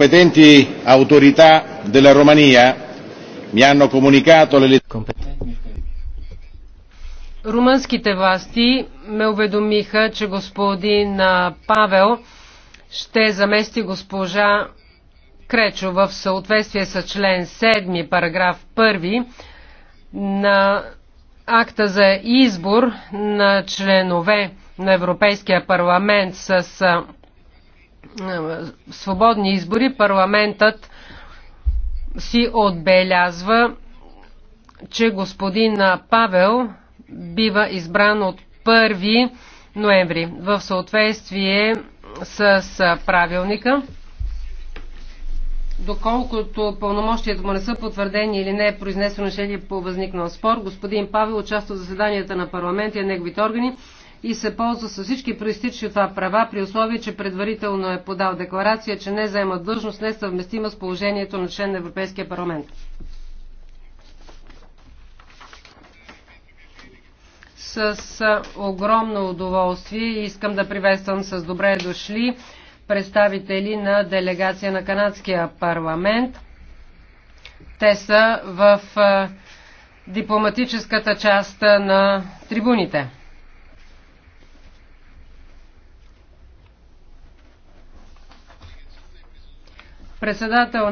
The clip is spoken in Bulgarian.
competenti autorità della Romania mi hanno comunicato le Румънските власти ме уведомиха, че господин Павел ще замести госпожа Кречо в съответствие с член 7, параграф 1 на акта за избор на членове на Европейския парламент с е, свободни избори, парламентът си отбелязва, че господин Павел бива избран от 1 ноември в съответствие с правилника. Доколкото пълномощията му не са потвърдени или не е произнесено решение по възникнал спор, господин Павел участва в заседанията на парламента и неговите органи и се ползва с всички проистични от това права, при условие, че предварително е подал декларация, че не заема длъжност, не съвместима с положението на член на Европейския парламент. С огромно удоволствие искам да приветствам с добре дошли представители на делегация на Канадския парламент. Те са в дипломатическата част на трибуните. председател на